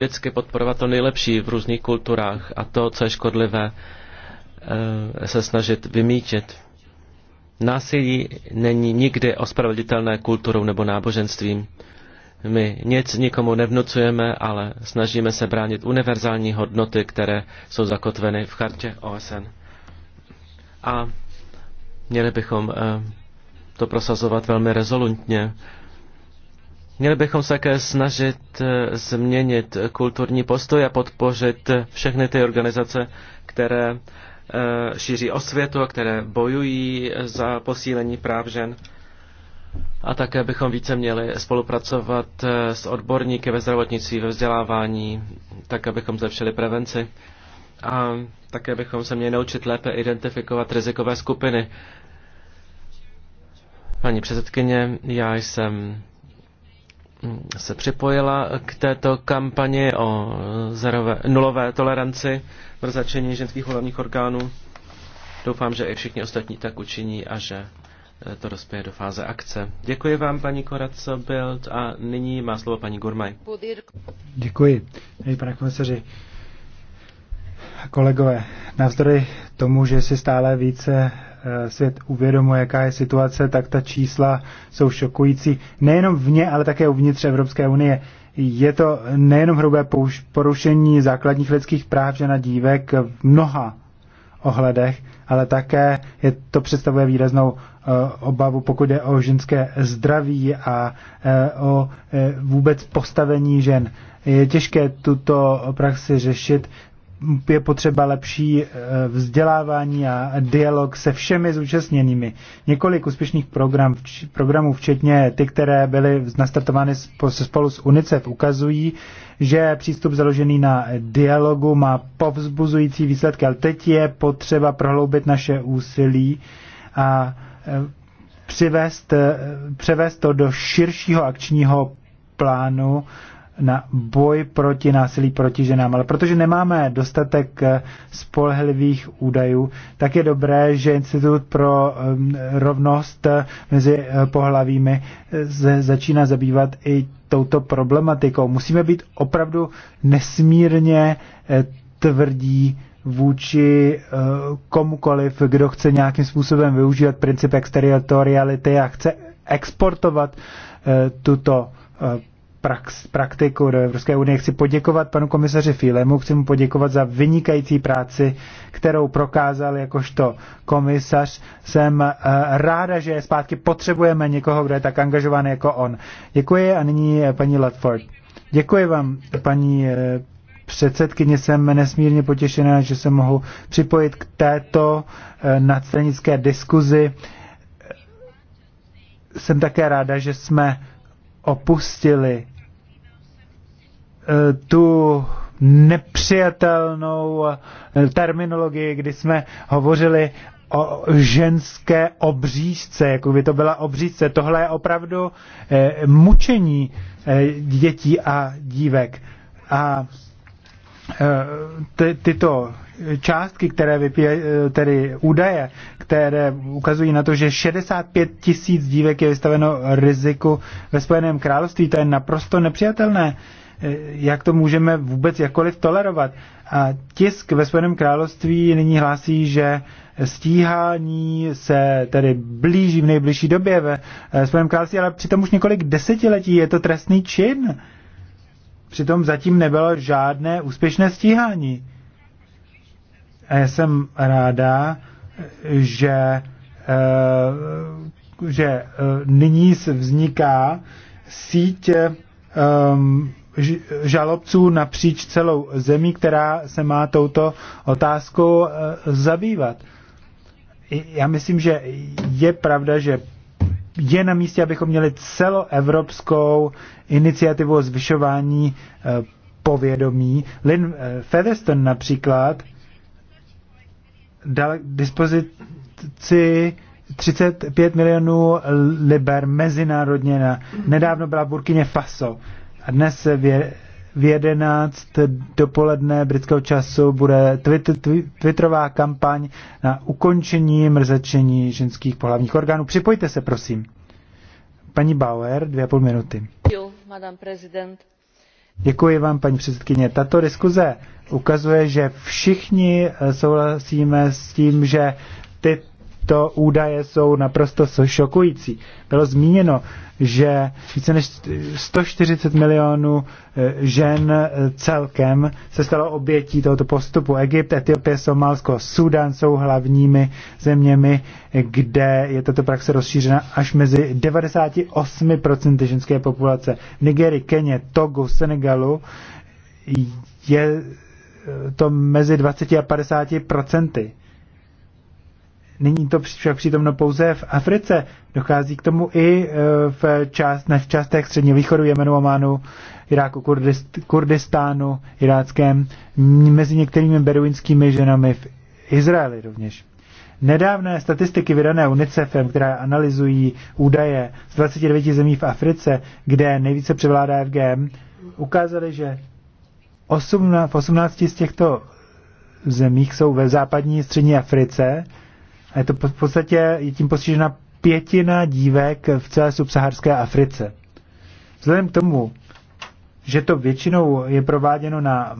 vždycky podporovat to nejlepší v různých kulturách a to, co je škodlivé, eh, se snažit vymítit. Násilí není nikdy ospravedlitelné kulturou nebo náboženstvím. My nic nikomu nevnucujeme, ale snažíme se bránit univerzální hodnoty, které jsou zakotveny v chartě OSN. A měli bychom eh, to prosazovat velmi rezolutně. Měli bychom se také snažit eh, změnit kulturní postoj a podpořit všechny ty organizace, které eh, šíří osvětu a které bojují za posílení práv žen. A také bychom více měli spolupracovat eh, s odborníky ve zdravotnictví, ve vzdělávání, tak abychom zlepšili prevenci. A také bychom se měli naučit lépe identifikovat rizikové skupiny. Paní předsedkyně, já jsem se připojila k této kampani o zerové, nulové toleranci mrzačení ženských hlavních orgánů. Doufám, že i všichni ostatní tak učiní a že eh, to rozpěje do fáze akce. Děkuji vám, paní Koraco Bild, a nyní má slovo paní Gurmaj. Děkuji. paní pane komisaři, kolegové, navzdory tomu, že si stále více eh, svět uvědomuje, jaká je situace, tak ta čísla jsou šokující nejenom vně, ale také uvnitř Evropské unie. Je to nejenom hrubé porušení základních lidských práv žena dívek v mnoha ohledech, ale také je, to představuje výraznou uh, obavu, pokud je o ženské zdraví a uh, o uh, vůbec postavení žen. Je těžké tuto praxi řešit je potřeba lepší eh, vzdělávání a dialog se všemi zúčastněnými. Několik úspěšných program, programů, včetně ty, které byly nastartovány spolu s UNICEF, ukazují, že přístup založený na dialogu má povzbuzující výsledky, ale teď je potřeba prohloubit naše úsilí a eh, přivést, eh, převést to do širšího akčního plánu na boj proti násilí proti ženám. Ale protože nemáme dostatek eh, spolehlivých údajů, tak je dobré, že Institut pro rovnost eh, mezi eh, pohlavími začíná zabývat i touto problematikou. Musíme být opravdu nesmírně tvrdí vůči komukoliv, kdo chce nějakým způsobem využívat princip exteritoriality a chce exportovat tuto prax, praktiku do Evropské unie. Chci poděkovat panu komisaři Filemu, chci mu poděkovat za vynikající práci, kterou prokázal jakožto komisař. Jsem eh, ráda, že zpátky potřebujeme někoho, kdo je tak angažovaný jako on. Děkuji a nyní eh, paní Latford. Děkuji vám, paní eh, předsedkyně, jsem nesmírně potěšená, že se mohu připojit k této nadstranické diskuzi. Jsem také ráda, že jsme opustili tu nepřijatelnou eh, terminologii, kdy jsme hovořili o ženské obřízce, jako by to byla obřízce. Tohle je opravdu e, mučení e, dětí a dívek. A ty, tyto částky, které vypije, tedy údaje, které ukazují na to, že 65 tisíc dívek je vystaveno riziku ve Spojeném království, to je naprosto nepřijatelné. E, Eh, jak to můžeme vůbec jakkoliv tolerovat. A tisk ve Spojeném království nyní hlásí, že stíhání se tedy blíží v nejbližší době ve eh, Spojeném království, ale přitom už několik desetiletí je to trestný čin. Přitom zatím nebylo žádné úspěšné stíhání. A já jsem ráda, že, eh, že nyní vzniká síť žalobců napříč celou zemí, která se má touto otázkou eh, zabývat. Já myslím, že je pravda, že je na místě, abychom měli celoevropskou iniciativu o zvyšování eh, povědomí. Lynn eh, Featherstone například dal k dispozici 35 milionů liber mezinárodně. Na, nedávno byla v Burkině Faso a dnes v 11 dopoledne britského času bude twitterová kampaň na ukončení mrzačení ženských pohlavních orgánů. Připojte se, prosím. Paní Bauer, dvě a půl minuty. Děkuji vám, paní předsedkyně. Tato diskuze ukazuje, že všichni eh, souhlasíme s tím, že ty tyto údaje jsou naprosto šokující. Bylo zmíněno, že více než 140 milionů eh, žen eh, celkem se stalo obětí tohoto postupu. Egypt, Etiopie, Somálsko, Sudan jsou hlavními zeměmi, kde je tato praxe rozšířena až mezi 98% ženské populace. V Nigerii, Keně, Togo, Senegalu je eh, to mezi 20 a 50 procenty. Není to však přítomno pouze v Africe. Dochází k tomu i e, v, část, v částech střední východu, Jemenu, Omanu, Iráku, Kurdist, Kurdistánu, Iráckém, mezi některými beduinskými ženami v Izraeli rovněž. Nedávné statistiky vydané UNICEFem, které analyzují údaje z 29 zemí v Africe, kde nejvíce převládá FGM, ukázaly, že 18, v 18 z těchto zemích jsou ve západní střední Africe, a je to v podstatě je tím postižena pětina dívek v celé subsaharské Africe. Vzhledem k tomu, že to většinou je prováděno na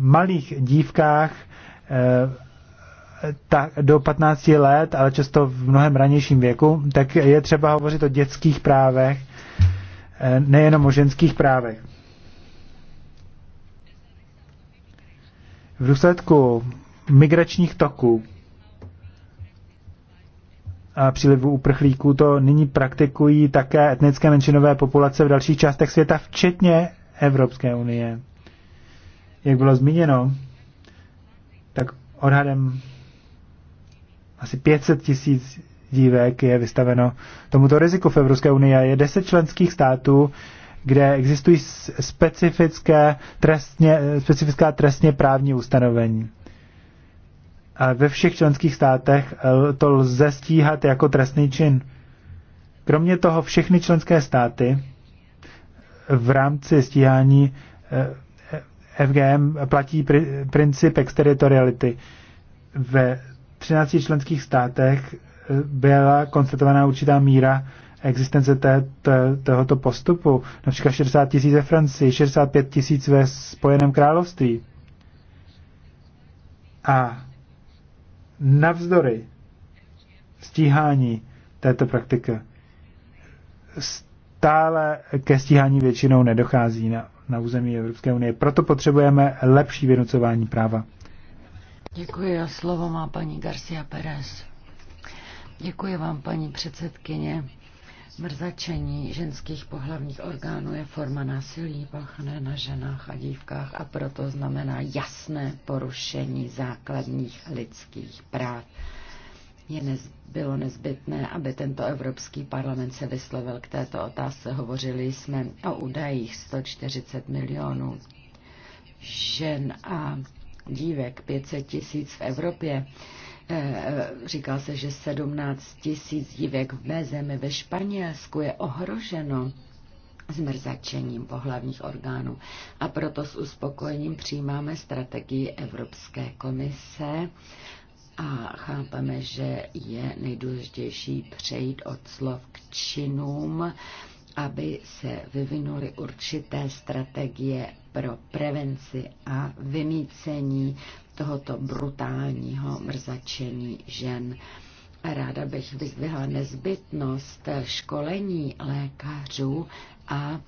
malých dívkách eh, do 15 let, ale často v mnohem ranějším věku, tak je třeba hovořit o dětských právech, eh, nejenom o ženských právech. V důsledku migračních toků přílivu uprchlíků to nyní praktikují také etnické menšinové populace v dalších částech světa, včetně Evropské unie. Jak bylo zmíněno, tak odhadem asi 500 tisíc dívek je vystaveno tomuto riziku v Evropské unii a je 10 členských států, kde existují specifické trestně, specifická trestně právní ustanovení. A ve všech členských státech eh, to lze stíhat jako trestný čin. Kromě toho všechny členské státy v rámci stíhání eh, FGM platí princip exteritoriality. Ve 13 členských státech eh, byla konstatovaná určitá míra existence té, té, tohoto postupu. Například 60 tisíc ve Francii, 65 tisíc ve Spojeném království. A navzdory stíhání této praktiky stále ke stíhání většinou nedochází na, na území Evropské unie. Proto potřebujeme lepší vynucování práva. Děkuji a slovo má paní Garcia Pérez. Děkuji vám, paní předsedkyně. Mrzačení ženských pohlavních orgánů je forma násilí páchané na ženách a dívkách a proto znamená jasné porušení základních lidských práv. Je nez, bylo nezbytné, aby tento Evropský parlament se vyslovil k této otázce. Hovořili jsme o údajích 140 milionů žen a dívek, 500 tisíc v Evropě Eh, eh, Říkal se, že 17 tisíc dívek v mé zemi ve Španělsku je ohroženo zmrzačením pohlavních orgánů. A proto s uspokojením přijímáme strategii Evropské komise a chápeme, že je nejdůležitější přejít od slov k činům, aby se vyvinuly určité strategie pro prevenci a vymícení tohoto brutálního mrzačení žen. A ráda bych vyzdvihla nezbytnost školení lékařů a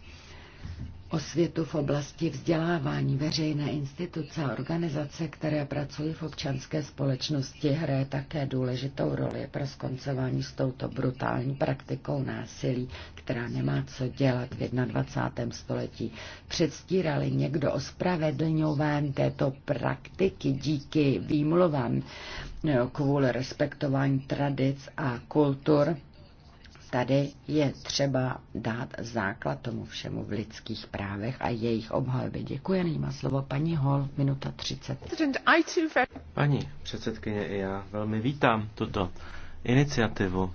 osvětu v oblasti vzdělávání veřejné instituce a organizace, které pracují v občanské společnosti, hraje také důležitou roli pro skoncování s touto brutální praktikou násilí, která nemá co dělat v 21. století. Předstírali někdo ospravedlňování této praktiky díky výmluvám no, kvůli respektování tradic a kultur, Tady je třeba dát základ tomu všemu v lidských právech a jejich obhajoby. Děkuji, nyní má slovo paní Hol, minuta 30. Paní předsedkyně, i já velmi vítám tuto iniciativu,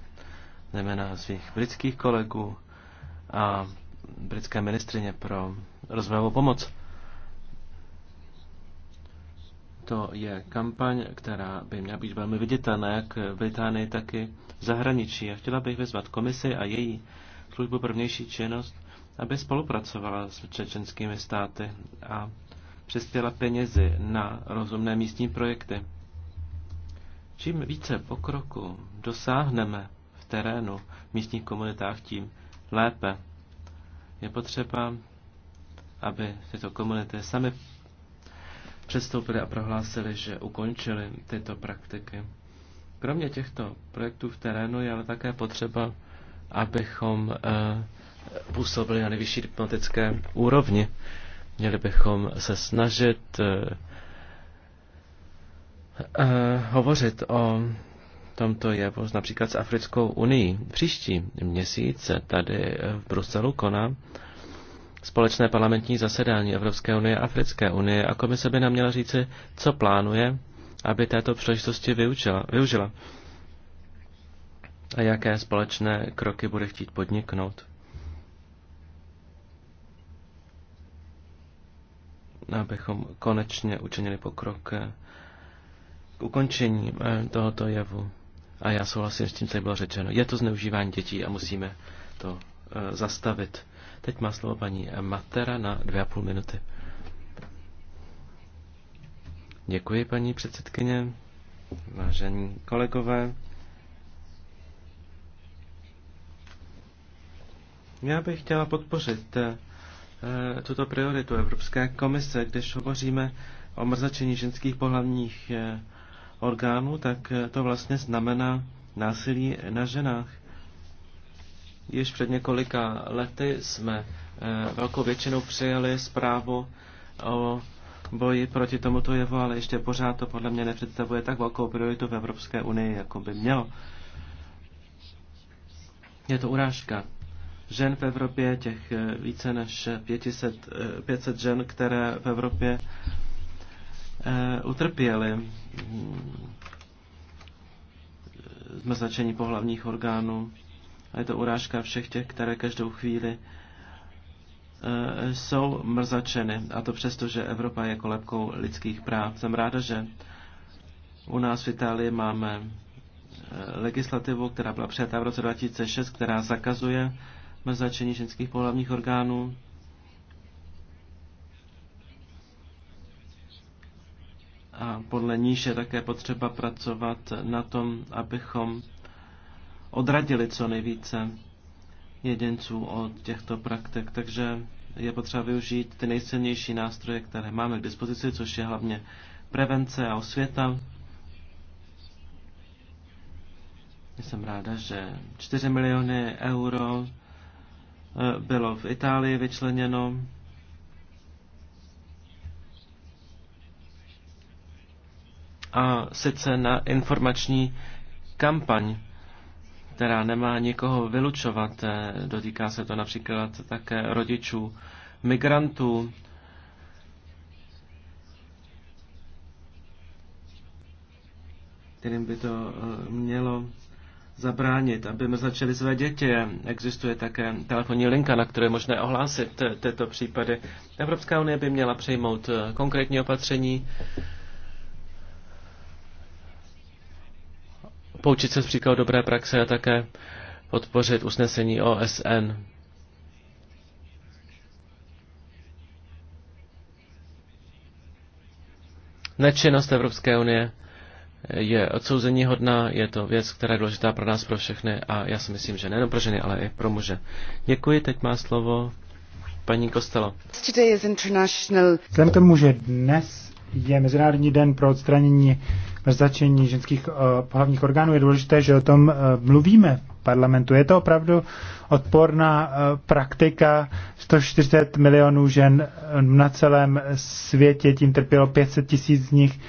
zejména svých britských kolegů a britské ministrině pro rozvojovou pomoc. To je kampaň, která by měla být velmi viditelná jak v Británii, tak i v zahraničí. A chtěla bych vyzvat komisi a její službu pro vnější činnost, aby spolupracovala s čečenskými státy a přispěla penězi na rozumné místní projekty. Čím více pokroku dosáhneme v terénu, v místních komunitách, tím lépe. Je potřeba, aby tyto komunity sami přestoupili a prohlásili, že ukončili tyto praktiky. Kromě těchto projektů v terénu je ale také potřeba, abychom eh, působili na nejvyšší diplomatické úrovni. Měli bychom se snažit eh, eh, hovořit o tomto jevu například s Africkou unii. Příští měsíc tady v Bruselu koná společné parlamentní zasedání Evropské unie a Africké unie a komise by nám měla říci, co plánuje, aby této příležitosti vyučila, využila a jaké společné kroky bude chtít podniknout. Abychom konečně učinili pokrok k ukončení eh, tohoto jevu. A já souhlasím s tím, co bylo řečeno. Je to zneužívání dětí a musíme to eh, zastavit. Teď má slovo paní Matera na dvě a půl minuty. Děkuji, paní předsedkyně, vážení kolegové. Já bych chtěla podpořit eh, tuto prioritu Evropské komise, když hovoříme o mrzačení ženských pohlavních eh, orgánů, tak eh, to vlastně znamená násilí na ženách. Již před několika lety jsme eh, velkou většinou přijali zprávu o boji proti tomuto jevu, ale ještě pořád to podle mě nepředstavuje tak velkou prioritu v Evropské unii, jako by mělo. Je to urážka žen v Evropě, těch eh, více než 500, 500 eh, žen, které v Evropě utrpěly hm, zmrzačení pohlavních orgánů a je to urážka všech těch, které každou chvíli e, jsou mrzačeny, a to přesto, že Evropa je kolebkou lidských práv. Jsem ráda, že u nás v Itálii máme e, legislativu, která byla přijata v roce 2006, která zakazuje mrzačení ženských pohlavních orgánů. A podle níž je také potřeba pracovat na tom, abychom odradili co nejvíce jedinců od těchto praktik. Takže je potřeba využít ty nejsilnější nástroje, které máme k dispozici, což je hlavně prevence a osvěta. Jsem ráda, že 4 miliony euro eh, bylo v Itálii vyčleněno. A sice na informační kampaň která nemá nikoho vylučovat. Eh, dotýká se to například také rodičů migrantů. kterým by to eh, mělo zabránit, aby mrzačili své děti. Existuje také telefonní linka, na které je možné ohlásit eh, tyto případy. Evropská unie by měla přejmout konkrétní opatření, poučit se z příkladu dobré praxe a také podpořit usnesení OSN. Nečinnost Evropské unie je odsouzení hodná, je to věc, která je důležitá pro nás, pro všechny a já si myslím, že nejen pro ženy, ale i pro muže. Děkuji, teď má slovo paní Kostelo. Vzhledem k tomu, že dnes je Mezinárodní den pro odstranění mrzačení ženských uh, eh, hlavních orgánů. Je důležité, že o tom uh, mluvíme v parlamentu. Je to opravdu odporná uh, praktika. 140 milionů žen na celém světě tím trpělo 500 tisíc z nich,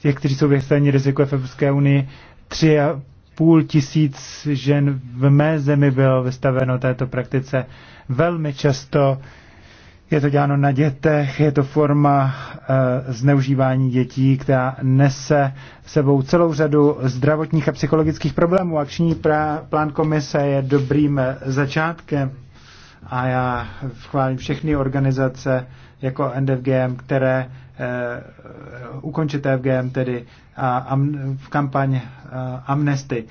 těch, kteří jsou vystaveni riziku v Evropské unii. Tři a půl tisíc žen v mé zemi bylo vystaveno této praktice. Velmi často uh, je to děláno na dětech, je to forma e, zneužívání dětí, která nese sebou celou řadu zdravotních a psychologických problémů. Akční pra- plán komise je dobrým eh, začátkem a já chválím všechny organizace jako NDFGM, které e, eh, ukončit FGM, tedy a, a, v kampaň a, Amnesty.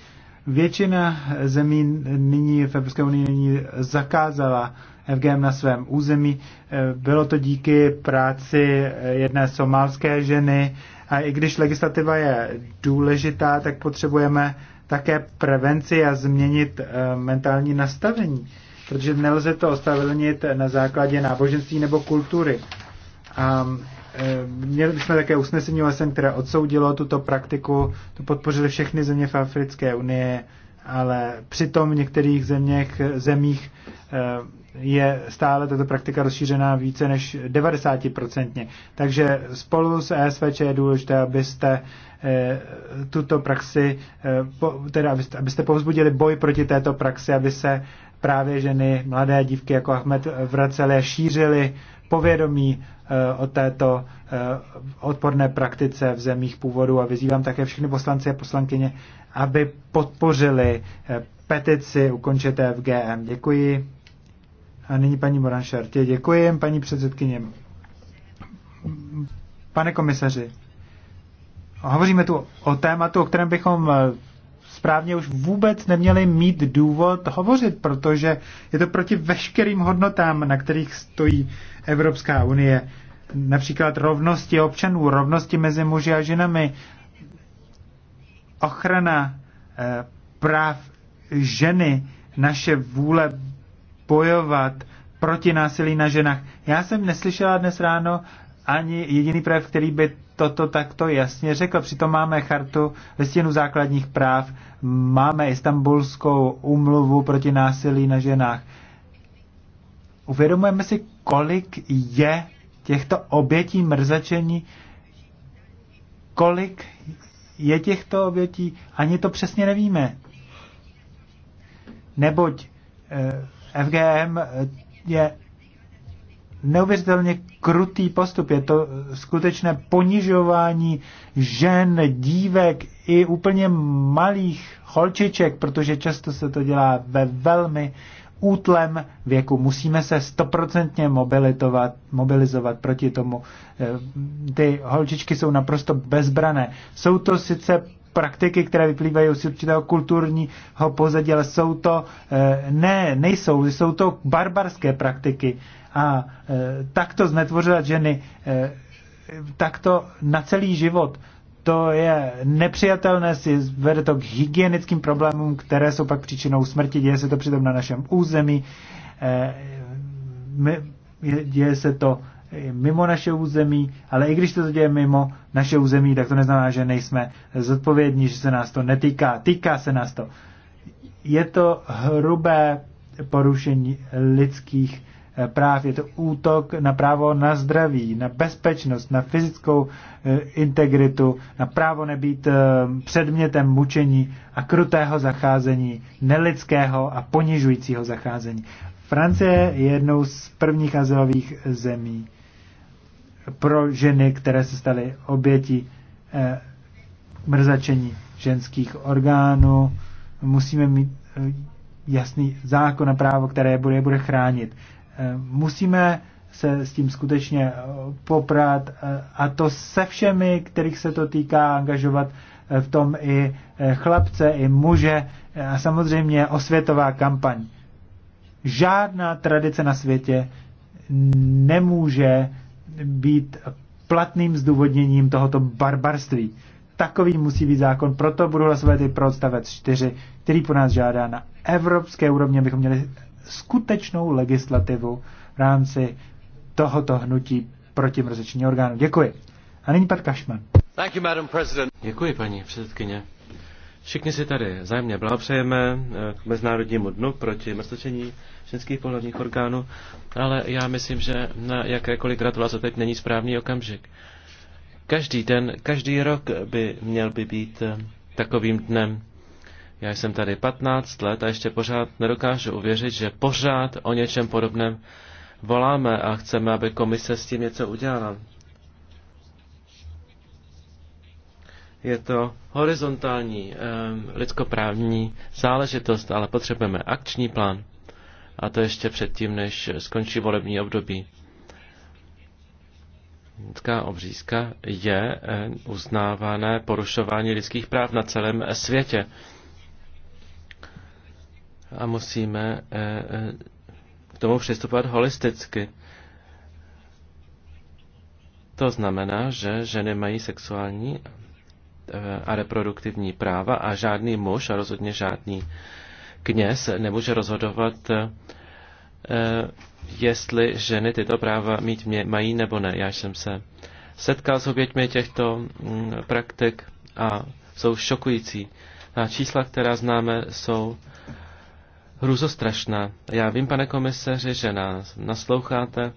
Většina zemí nyní v Evropské unii zakázala FGM na svém území. E, bylo to díky práci e, jedné somálské ženy a i když legislativa je důležitá, tak potřebujeme také prevenci a změnit e, mentální nastavení, protože nelze to ospravedlnit na základě náboženství nebo kultury. A Měli jsme také usnesení OSN, které odsoudilo tuto praktiku, to podpořili všechny země v Africké unie, ale přitom v některých zeměch, zemích Eh, je stále tato praktika rozšířená více než 90%. Takže spolu s ESVČ je důležité, abyste eh, tuto praxi, eh, teda abyste, abyste povzbudili boj proti této praxi, aby se právě ženy, mladé dívky jako Ahmed vracely a šířily povědomí o této odporné praktice v zemích původu a vyzývám také všechny poslanci a poslankyně, aby podpořili petici v FGM. Děkuji. A nyní paní Moran Šartě. Děkuji, paní předsedkyně. Pane komisaři, hovoříme tu o tématu, o kterém bychom eh, správně už vůbec neměli mít důvod hovořit, protože je to proti veškerým hodnotám, na kterých stojí Evropská unie. Například rovnosti občanů, rovnosti mezi muži a ženami, ochrana eh, práv ženy, naše vůle bojovat proti násilí na ženách. Já jsem neslyšela dnes ráno ani jediný projev, který by toto takto jasně řekl. Přitom máme chartu listinu základních práv, máme istambulskou umluvu proti násilí na ženách. Uvědomujeme si, kolik je těchto obětí mrzačení, kolik je těchto obětí, ani to přesně nevíme. Neboť eh, FGM eh, je neuvěřitelně krutý postup. Je to eh, skutečné ponižování žen, dívek i úplně malých holčiček, protože často se to dělá ve velmi útlem věku. Musíme se stoprocentně mobilizovat, mobilizovat proti tomu. Eh, ty holčičky jsou naprosto bezbrané. Jsou to sice praktiky, které vyplývají z určitého kulturního pozadí, ale jsou to, eh, ne, nejsou, jsou to barbarské praktiky. A eh, takto znetvořovat ženy, eh, takto na celý život, to je nepřijatelné, vede to k hygienickým problémům, které jsou pak příčinou smrti, děje se to přitom na našem území, děje se to mimo naše území, ale i když se to děje mimo naše území, tak to neznamená, že nejsme zodpovědní, že se nás to netýká. Týká se nás to. Je to hrubé porušení lidských eh, práv, je to útok na právo na zdraví, na bezpečnost, na fyzickou eh, integritu, na právo nebýt eh, předmětem mučení a krutého zacházení, nelidského a ponižujícího zacházení. Francie je jednou z prvních azylových zemí pro ženy, které se staly obětí eh, mrzačení ženských orgánů. Musíme mít eh, jasný zákon a právo, které je bude, bude chránit. Eh, musíme se s tím skutečně eh, poprat eh, a to se všemi, kterých se to týká, angažovat eh, v tom i chlapce, i muže a samozřejmě osvětová kampaň. Žádná tradice na světě nemůže být platným zdůvodněním tohoto barbarství. Takový musí být zákon, proto budu hlasovat i pro odstavec 4, který po nás žádá na evropské úrovni, abychom měli skutečnou legislativu v rámci tohoto hnutí proti mrozečení orgánu. Děkuji. A nyní pan Kašman. Děkuji, paní předsedkyně. Všichni si tady zájemně blahopřejeme eh, k Mezinárodnímu dnu proti mrtvočení ženských pohlavních orgánů, ale já myslím, že na jakékoliv gratulace teď není správný okamžik. Každý den, každý rok by měl by být eh, takovým dnem. Já jsem tady 15 let a ještě pořád nedokážu uvěřit, že pořád o něčem podobném voláme a chceme, aby komise s tím něco udělala. Je to horizontální ehm, lidskoprávní záležitost, ale potřebujeme akční plán. A to ještě předtím, než skončí volební období. Lidská obřízka je ehm, uznávané porušování lidských práv na celém světě. A musíme ehm, k tomu přistupovat holisticky. To znamená, že ženy mají sexuální Eh, a reproduktivní práva a žádný muž a rozhodně žádný kněz nemůže rozhodovat, eh, jestli ženy tyto práva mít mě, mají nebo ne. Já jsem se setkal s oběťmi těchto mm, praktik a jsou šokující. A čísla, která známe, jsou hruzostrašná. Já vím, pane komisaři, že nás nasloucháte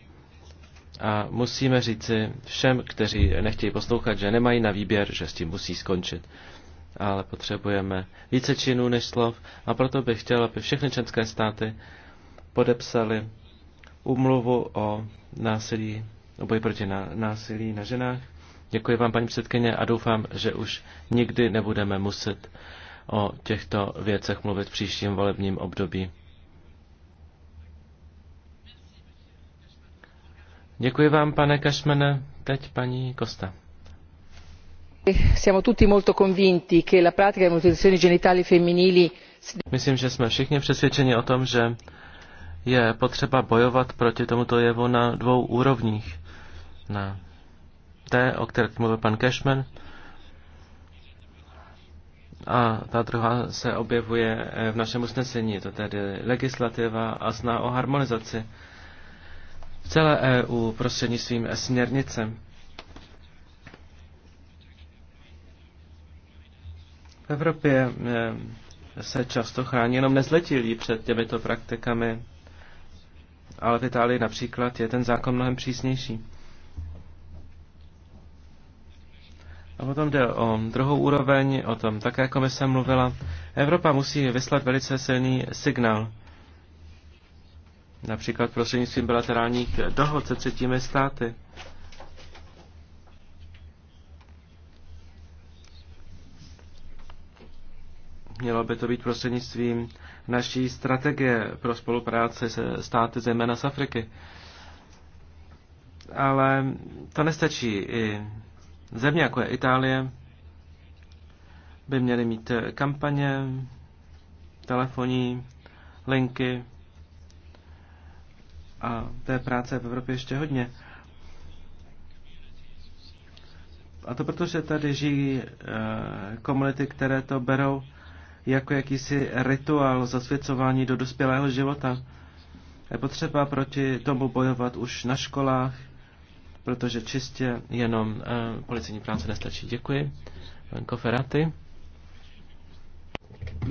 a musíme říci všem, kteří nechtějí poslouchat, že nemají na výběr, že s tím musí skončit. Ale potřebujeme více činů než slov a proto bych chtěl, aby všechny členské státy podepsali umluvu o násilí, o boji proti násilí na ženách. Děkuji vám, paní předsedkyně, a doufám, že už nikdy nebudeme muset o těchto věcech mluvit v příštím volebním období. Děkuji vám, pane Kašmene. Teď paní Kosta. Myslím, že jsme všichni přesvědčeni o tom, že je potřeba bojovat proti tomuto jevu na dvou úrovních. Na té, o které mluvil pan Cashman, a ta druhá se objevuje v našem usnesení, to tedy legislativa a sná o harmonizaci v celé EU prostřednictvím směrnice. V Evropě eh, se často chrání jenom nezletilí před těmito praktikami, ale v Itálii například je ten zákon mnohem přísnější. A potom jde o druhou úroveň, o tom také komise mluvila. Evropa musí vyslat velice silný signál například prostřednictvím bilaterálních dohod se třetími státy. Mělo by to být prostřednictvím naší strategie pro spolupráci se státy, zejména z Afriky. Ale to nestačí. I země, jako je Itálie, by měly mít kampaně, telefonní linky, a té práce v Evropě ještě hodně. A to proto, že tady žijí eh, komunity, které to berou jako jakýsi rituál zasvěcování do dospělého života. Je potřeba proti tomu bojovat už na školách, protože čistě jenom uh, eh, policijní práce nestačí. Děkuji. Pan Koferaty.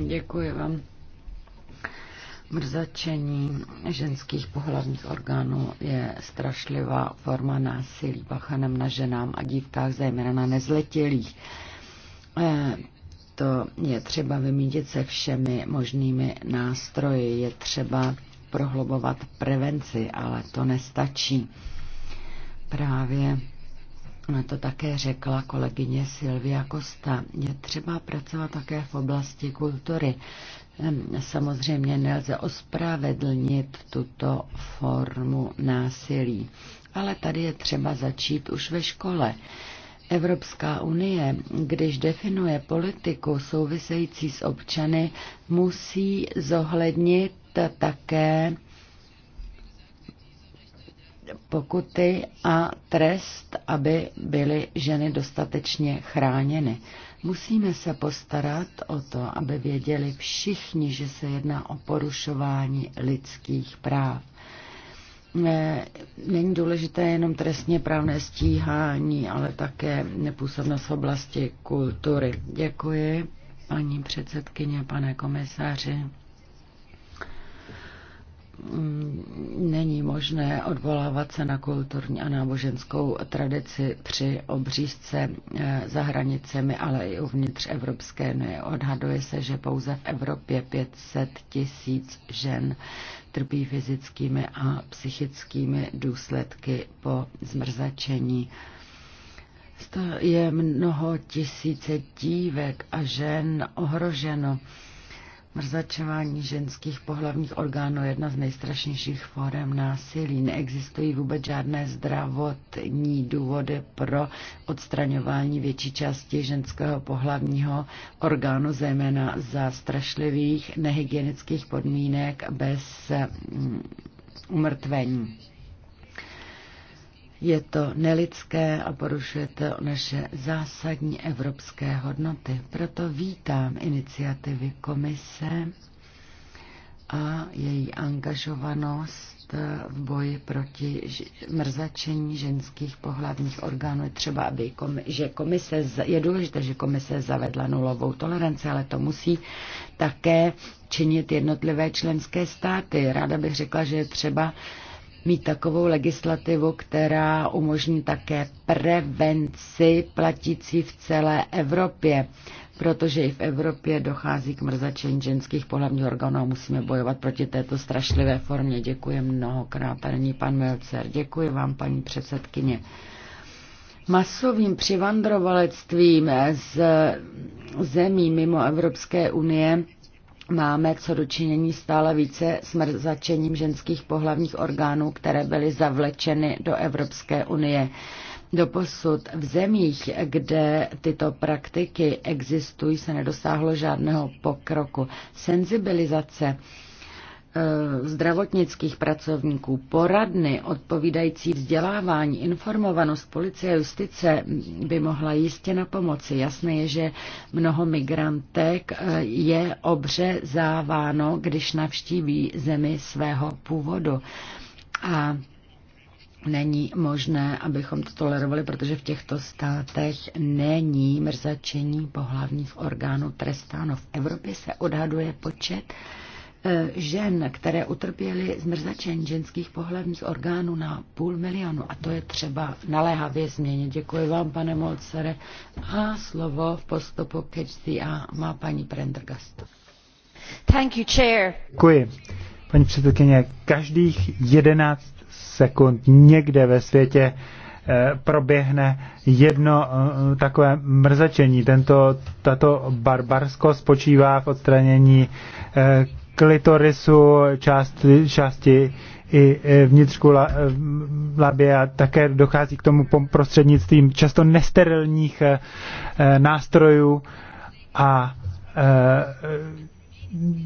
Děkuji vám. Mrzačení ženských pohlavních orgánů je strašlivá forma násilí bachanem na ženám a dívkách, zejména na nezletilých. Eh, to je třeba vymítit se všemi možnými nástroji. Je třeba prohlubovat prevenci, ale to nestačí. Právě to také řekla kolegyně Silvia Kosta. Je třeba pracovat také v oblasti kultury. Samozřejmě nelze ospravedlnit tuto formu násilí, ale tady je třeba začít už ve škole. Evropská unie, když definuje politiku související s občany, musí zohlednit také pokuty a trest, aby byly ženy dostatečně chráněny. Musíme se postarat o to, aby věděli všichni, že se jedná o porušování lidských práv. Není důležité jenom trestně právné stíhání, ale také nepůsobnost v oblasti kultury. Děkuji, paní předsedkyně, pane komisáři. Mm, není možné odvolávat se na kulturní a náboženskou tradici při obřízce eh, za hranicemi, ale i uvnitř Evropské unie. Odhaduje se, že pouze v Evropě 500 tisíc žen trpí fyzickými a psychickými důsledky po zmrzačení. Je mnoho tisíce dívek a žen ohroženo Mrzačování ženských pohlavních orgánů je jedna z nejstrašnějších forem násilí. Neexistují vůbec žádné zdravotní důvody pro odstraňování větší části ženského pohlavního orgánu, zejména za strašlivých nehygienických podmínek bez mm, umrtvení. Je to nelidské a porušuje to naše zásadní evropské hodnoty. Proto vítám iniciativy komise a její angažovanost v boji proti mrzačení ženských pohlavních orgánů. Je třeba, aby komise, že komise, je důležité, že komise zavedla nulovou toleranci, ale to musí také činit jednotlivé členské státy. Ráda bych řekla, že je třeba mít takovou legislativu, která umožní také prevenci platící v celé Evropě, protože i v Evropě dochází k mrzačení ženských pohlavních orgánů a musíme bojovat proti této strašlivé formě. Děkuji mnohokrát, paní pan Melcer. Děkuji vám, paní předsedkyně masovým přivandrovalectvím z zemí mimo Evropské unie máme co dočinění stále více smrzačením ženských pohlavních orgánů, které byly zavlečeny do Evropské unie. Doposud v zemích, kde tyto praktiky existují, se nedosáhlo žádného pokroku. Senzibilizace Eh, zdravotnických pracovníků, poradny, odpovídající vzdělávání, informovanost policie a justice by mohla jistě na pomoci. Jasné je, že mnoho migrantek eh, je obřezáváno, když navštíví zemi svého původu. A není možné, abychom to tolerovali, protože v těchto státech není mrzačení pohlavních orgánů trestáno. V Evropě se odhaduje počet žen, které utrpěly zmrzačení ženských pohlavních orgánů na půl milionu. A to je třeba naléhavě změnit. Děkuji vám, pane Molcere. A slovo v postupu kečci a má paní Prendergast. Thank you, chair. Děkuji. Paní předsedkyně, každých 11 sekund někde ve světě eh, proběhne jedno eh, takové mrzačení. Tento, tato barbarsko spočívá v odstranění eh, klitorisu, části, části i e, vnitřku la, e, labě a také dochází k tomu prostřednictvím často nesterilních e, nástrojů a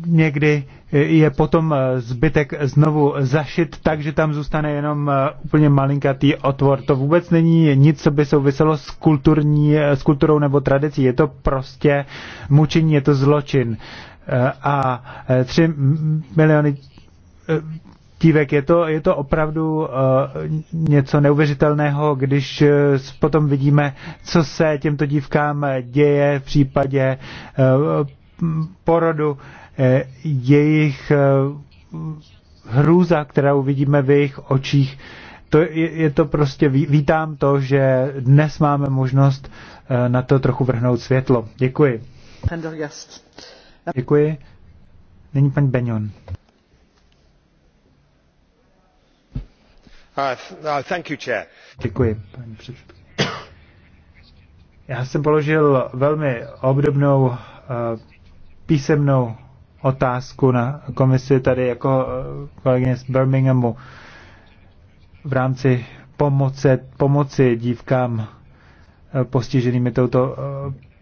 někdy je potom zbytek znovu zašit tak, že tam zůstane jenom úplně malinkatý otvor. To vůbec není nic, co by souviselo s, kulturní, s kulturou nebo tradicí. Je to prostě mučení, je to zločin a 3 e, miliony e, dívek. Je to, je to opravdu e, něco neuvěřitelného, když potom vidíme, co se těmto dívkám děje v případě porodu jejich hrůza, kterou vidíme v jejich očích. To je, je to prostě, vítám to, že dnes máme možnost na to trochu vrhnout světlo. Děkuji. Děkuji. Není pan Benjon. Uh, Děkuji, paní předsedkyně. Já jsem položil velmi obdobnou uh, písemnou otázku na komisi tady jako uh, kolegyně z Birminghamu v rámci pomoci, pomoci dívkám uh, postiženými touto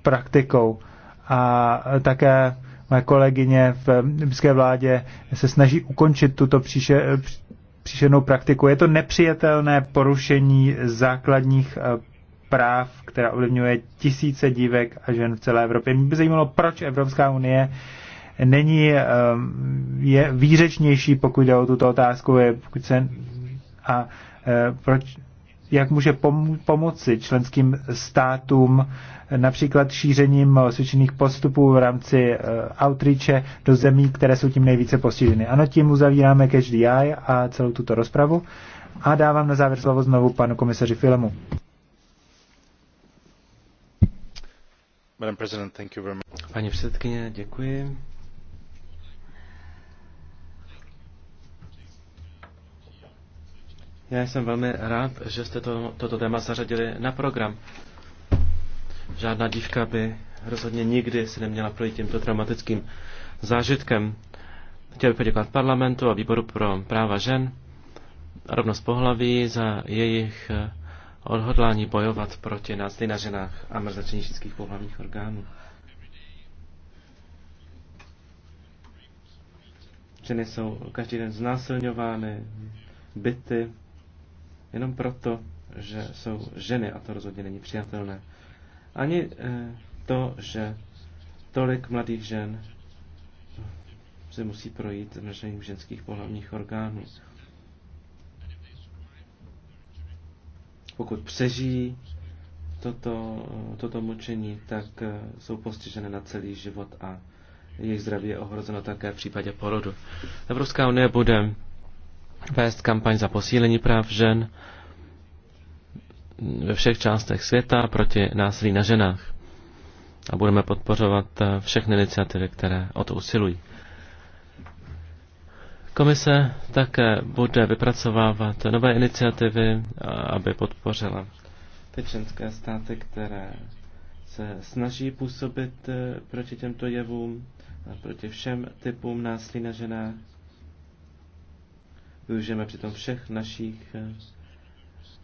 praktikou. A také Moje kolegyně v libyské vládě se snaží ukončit tuto příše, příšernou praktiku. Je to nepřijatelné porušení základních eh, práv, která ovlivňuje tisíce dívek a žen v celé Evropě. Mě by zajímalo, proč Evropská unie není eh, je výřečnější, pokud jde o tuto otázku, je, pokud se, a eh, proč jak může pom- pomoci členským státům například šířením osvědčených postupů v rámci uh, outreache do zemí, které jsou tím nejvíce postiženy. Ano, tím uzavíráme Catch the a celou tuto rozpravu a dávám na závěr slovo znovu panu komisaři Filemu. Paní předsedkyně, děkuji. Já jsem velmi rád, že jste to, toto téma zařadili na program. Žádná dívka by rozhodně nikdy si neměla projít tímto traumatickým zážitkem. Chtěl bych poděkovat parlamentu a výboru pro práva žen a rovnost pohlaví za jejich eh, odhodlání bojovat proti násilí na ženách a mrzačení všech pohlavních orgánů. Ženy jsou každý den znásilňovány, byty, jenom proto, že jsou ženy a to rozhodně není přijatelné. Ani eh, to, že tolik mladých žen se musí projít mražením ženských pohlavních orgánů. Pokud přežijí toto, toto mučení, tak eh, jsou postiženy na celý život a jejich zdraví je ohrozeno také v případě porodu. Evropská unie bude vést kampaň za posílení práv žen ve všech částech světa proti násilí na ženách. A budeme podporovat eh, všechny iniciativy, které o to usilují. Komise také bude vypracovávat nové iniciativy, aby podpořila ty členské státy, které se snaží působit eh, proti těmto jevům, proti všem typům násilí na ženách Využijeme přitom všech našich eh,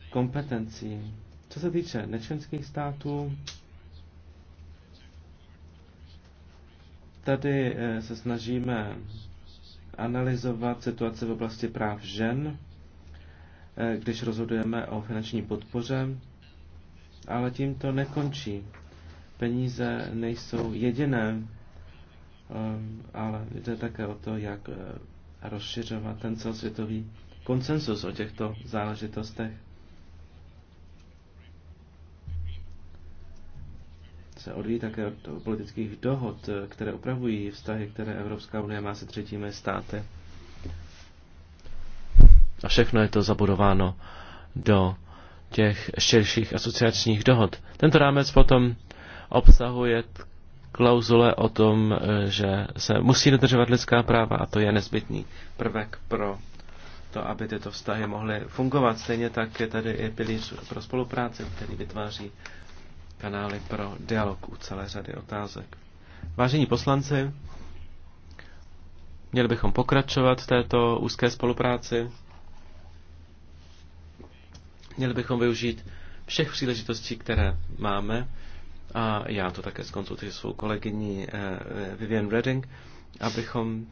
kompetencí. Co se týče nečlenských států, tady eh, se snažíme analyzovat situaci v oblasti práv žen, eh, když rozhodujeme o finanční podpoře, ale tím to nekončí. Peníze nejsou jediné, ale jde také o to, jak rozšiřovat ten celosvětový konsensus o těchto záležitostech. se odvíjí také od politických dohod, které upravují vztahy, které Evropská unie má se třetími státy. A všechno je to zabudováno do těch širších asociačních dohod. Tento rámec potom obsahuje klauzule o tom, eh, že se musí dodržovat lidská práva a to je nezbytný prvek pro to, aby tyto vztahy mohly fungovat. Stejně tak je tady i pilíř pro spolupráci, který vytváří kanály pro dialog u celé řady otázek. Vážení poslanci, měli bychom pokračovat v této úzké spolupráci. Měli bychom využít všech příležitostí, které máme a já to také skonzultuji s svou kolegyní eh, Vivian Redding, abychom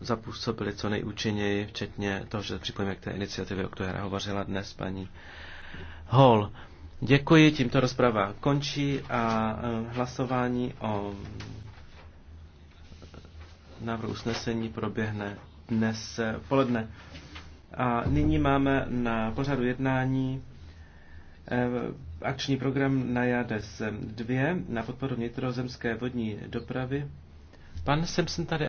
zapůsobili co nejúčinněji, včetně toho, že připojíme k té iniciativě, o které hovořila dnes paní Hall. Děkuji, tímto rozprava končí a eh, hlasování o návrhu usnesení proběhne dnes eh, poledne. A nyní máme na pořadu jednání Eh, akční program na JADES 2 na podporu vnitrozemské vodní dopravy. Pan Simpson tady